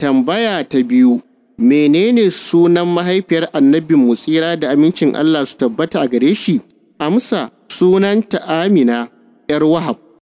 Tambaya ta biyu, menene sunan mahaifiyar annabin mu tsira da amincin Allah su tabbata a gare shi? Amsa, sunanta Amina, ‘yar Wahab.